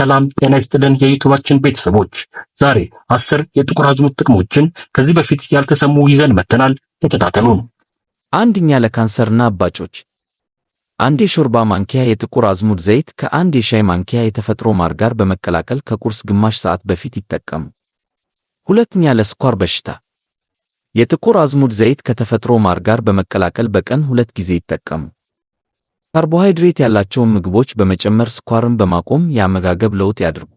ሰላም ጤና ይስጥልን የዩቱባችን ቤተሰቦች፣ ዛሬ አስር የጥቁር አዝሙድ ጥቅሞችን ከዚህ በፊት ያልተሰሙ ይዘን መተናል። ተከታተሉን። አንደኛ ለካንሰርና አባጮች አንድ የሾርባ ማንኪያ የጥቁር አዝሙድ ዘይት ከአንድ የሻይ ማንኪያ የተፈጥሮ ማር ጋር በመቀላቀል ከቁርስ ግማሽ ሰዓት በፊት ይጠቀሙ። ሁለተኛ ለስኳር በሽታ፣ የጥቁር አዝሙድ ዘይት ከተፈጥሮ ማር ጋር በመቀላቀል በቀን ሁለት ጊዜ ይጠቀሙ። ካርቦሃይድሬት ያላቸውን ምግቦች በመጨመር ስኳርን በማቆም የአመጋገብ ለውጥ ያድርጉ።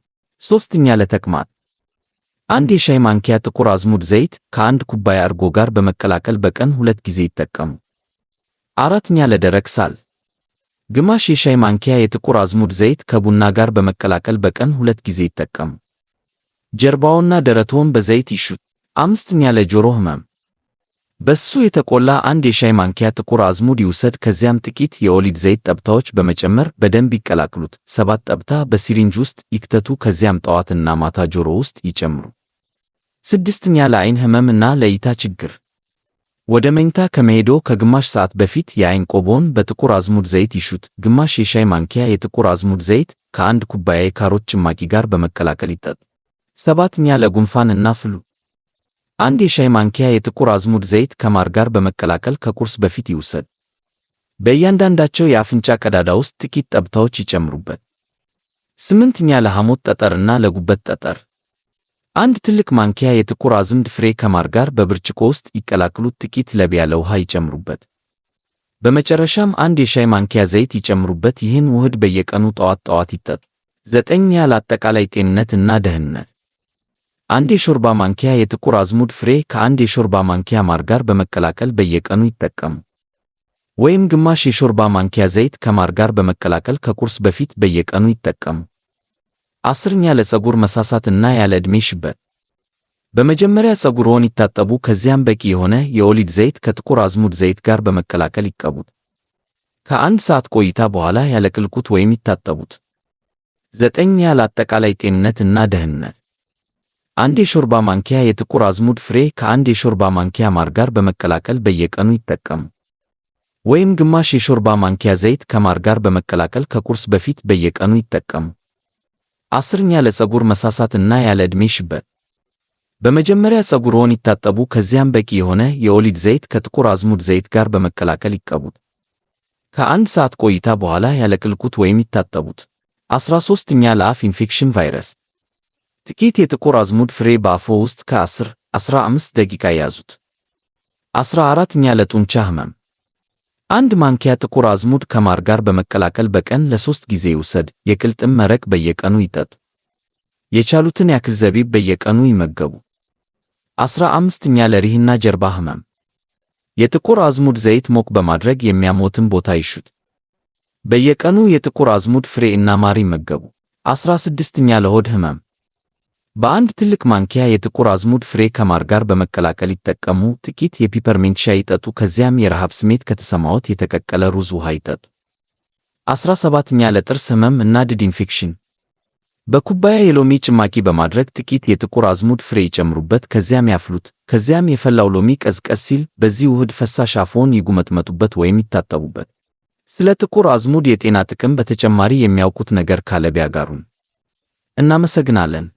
ሶስተኛ ለተቅማጥ አንድ የሻይ ማንኪያ ጥቁር አዝሙድ ዘይት ከአንድ ኩባያ እርጎ ጋር በመቀላቀል በቀን ሁለት ጊዜ ይጠቀሙ። አራተኛ ለደረቅ ሳል ግማሽ የሻይ ማንኪያ የጥቁር አዝሙድ ዘይት ከቡና ጋር በመቀላቀል በቀን ሁለት ጊዜ ይጠቀሙ። ጀርባውና ደረትዎን በዘይት ይሹት። አምስተኛ ለጆሮ ህመም በሱ የተቆላ አንድ የሻይ ማንኪያ ጥቁር አዝሙድ ይውሰድ። ከዚያም ጥቂት የኦሊቭ ዘይት ጠብታዎች በመጨመር በደንብ ይቀላቅሉት። ሰባት ጠብታ በሲሪንጅ ውስጥ ይክተቱ። ከዚያም ጠዋትና ማታ ጆሮ ውስጥ ይጨምሩ። ስድስተኛ ለዓይን ህመም እና ለእይታ ችግር ወደ መኝታ ከመሄዶ ከግማሽ ሰዓት በፊት የአይን ቆቦን በጥቁር አዝሙድ ዘይት ይሹት። ግማሽ የሻይ ማንኪያ የጥቁር አዝሙድ ዘይት ከአንድ ኩባያ የካሮት ጭማቂ ጋር በመቀላቀል ይጠጡ። ሰባተኛ ለጉንፋን እና ፍሉ አንድ የሻይ ማንኪያ የጥቁር አዝሙድ ዘይት ከማር ጋር በመቀላቀል ከቁርስ በፊት ይውሰድ። በእያንዳንዳቸው የአፍንጫ ቀዳዳ ውስጥ ጥቂት ጠብታዎች ይጨምሩበት። ስምንተኛ ለሐሞት ጠጠር እና ለጉበት ጠጠር አንድ ትልቅ ማንኪያ የጥቁር አዝሙድ ፍሬ ከማር ጋር በብርጭቆ ውስጥ ይቀላቅሉት። ጥቂት ለብ ያለ ውሃ ይጨምሩበት። በመጨረሻም አንድ የሻይ ማንኪያ ዘይት ይጨምሩበት። ይህን ውህድ በየቀኑ ጠዋት ጠዋት ይጠጡ። ዘጠነኛ ለአጠቃላይ ጤንነት እና ደህንነት አንድ የሾርባ ማንኪያ የጥቁር አዝሙድ ፍሬ ከአንድ የሾርባ ማንኪያ ማር ጋር በመቀላቀል በየቀኑ ይጠቀሙ። ወይም ግማሽ የሾርባ ማንኪያ ዘይት ከማር ጋር በመቀላቀል ከቁርስ በፊት በየቀኑ ይጠቀሙ። አስርኛ ለፀጉር መሳሳትና ያለ ዕድሜ ሽበት። በመጀመሪያ ፀጉርዎን ይታጠቡ። ከዚያም በቂ የሆነ የኦሊድ ዘይት ከጥቁር አዝሙድ ዘይት ጋር በመቀላቀል ይቀቡት። ከአንድ ሰዓት ቆይታ በኋላ ያለቅልቁት ወይም ይታጠቡት። ዘጠኛ ለአጠቃላይ ጤንነት እና ደህንነት አንድ የሾርባ ማንኪያ የጥቁር አዝሙድ ፍሬ ከአንድ የሾርባ ማንኪያ ማር ጋር በመቀላቀል በየቀኑ ይጠቀሙ። ወይም ግማሽ የሾርባ ማንኪያ ዘይት ከማር ጋር በመቀላቀል ከቁርስ በፊት በየቀኑ ይጠቀሙ። አስርኛ ለፀጉር መሳሳት እና ያለ ዕድሜ ሽበት በመጀመሪያ ፀጉርዎን ይታጠቡ። ከዚያም በቂ የሆነ የኦሊድ ዘይት ከጥቁር አዝሙድ ዘይት ጋር በመቀላቀል ይቀቡት። ከአንድ ሰዓት ቆይታ በኋላ ያለቅልቁት ወይም ይታጠቡት። 13ኛ ለአፍ ኢንፌክሽን ቫይረስ ጥቂት የጥቁር አዝሙድ ፍሬ በአፎ ውስጥ ከ10 15 ደቂቃ ያዙት። 14ኛ ለጡንቻ ህመም አንድ ማንኪያ ጥቁር አዝሙድ ከማር ጋር በመቀላቀል በቀን ለሶስት ጊዜ ይውሰድ። የቅልጥም መረቅ በየቀኑ ይጠጡ። የቻሉትን ያክል ዘቢብ በየቀኑ ይመገቡ። 15ኛ ለሪህና ጀርባ ህመም የጥቁር አዝሙድ ዘይት ሞቅ በማድረግ የሚያሞትን ቦታ ይሹት። በየቀኑ የጥቁር አዝሙድ ፍሬ እና ማር ይመገቡ። 16ኛ ለሆድ ህመም በአንድ ትልቅ ማንኪያ የጥቁር አዝሙድ ፍሬ ከማር ጋር በመቀላቀል ይጠቀሙ። ጥቂት የፒፐርሚንት ሻይ ይጠጡ። ከዚያም የረሃብ ስሜት ከተሰማዎት የተቀቀለ ሩዝ ውሃ ይጠጡ። 17ኛ ለጥርስ ህመም እና ድድ ኢንፌክሽን በኩባያ የሎሚ ጭማቂ በማድረግ ጥቂት የጥቁር አዝሙድ ፍሬ ይጨምሩበት። ከዚያም ያፍሉት። ከዚያም የፈላው ሎሚ ቀዝቀዝ ሲል በዚህ ውህድ ፈሳሽ አፎን ይጉመጥመጡበት ወይም ይታጠቡበት። ስለ ጥቁር አዝሙድ የጤና ጥቅም በተጨማሪ የሚያውቁት ነገር ካለ ቢያጋሩን። እናመሰግናለን።